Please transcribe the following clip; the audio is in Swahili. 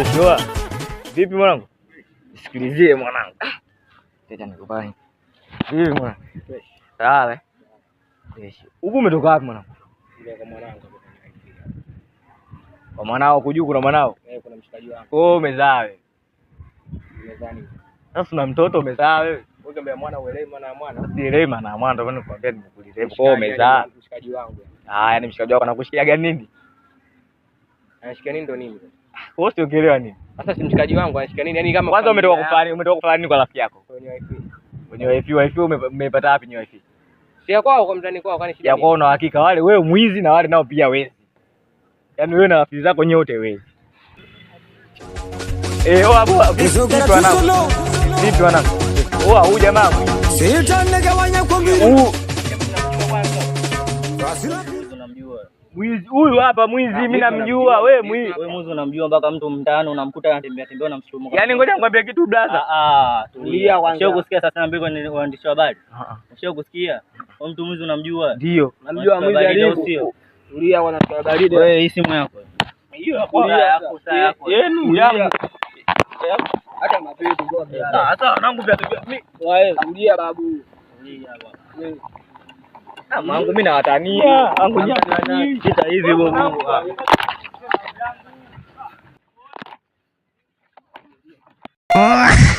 Mheshimiwa, vipi mwanangu? Sikilizie mwanangu. Ah, Huku umetoka wapi mwanangu? Kwa mwanao kujuu kuna mwanao? Eh, kuna mshikaji wangu. Oh, umezaa wewe. Umezani. Sasa una mtoto umezaa wewe. Wewe mwana uelewi maana ya mwana. Sielewi maana ya mwana ndio maana nikwambia nimekuuliza. Kwa oh, umezaa. Mshikaji wangu. Ah, yani mshikaji wako anakushikia gani? nini? Anashikia nini ndo nini? wewe usiongelewa nini? Sasa si mshikaji wangu anashika nini? Yaani kama kwanza umetoka kufanya umetoka kufanya nini kwa rafiki yako? Kwenye wifi. Kwenye wifi wifi umepata wapi nyoyo wifi? Si yako kwao kwa mtani kwao kwani shida. Yako kwao na hakika wale wewe mwizi na wale nao pia wezi. Yaani wewe na rafiki zako nyote wezi. Eh, oa bua. vitu wanangu. Vitu wanangu. Oa huyu jamaa. Sitani gawanya kwa mbili. Mwizi huyu hapa mwizi, mimi namjua. Wewe mwizi, wewe mwizi unamjua mpaka mtu mtaani unamkuta anatembea tembea na msukumo. Yaani ngoja nikwambie kitu brother. Ah, ah tulia kwanza. Sio kusikia sasa mbiko ni waandishi wa habari. Ah, ah. Sio kusikia. Wewe mtu mwizi unamjua? Ndio. Namjua mwizi alipo. Tulia wana habari. Wewe hii simu yako. Hiyo yako yako. Yenu yangu. Hata mapepo ngoja. hata wanangu pia. tujua. Mimi. Wewe tulia babu. Tulia baba. Ah, Mangu mimi nawatania kita hivi Mungu. Ah. Ah.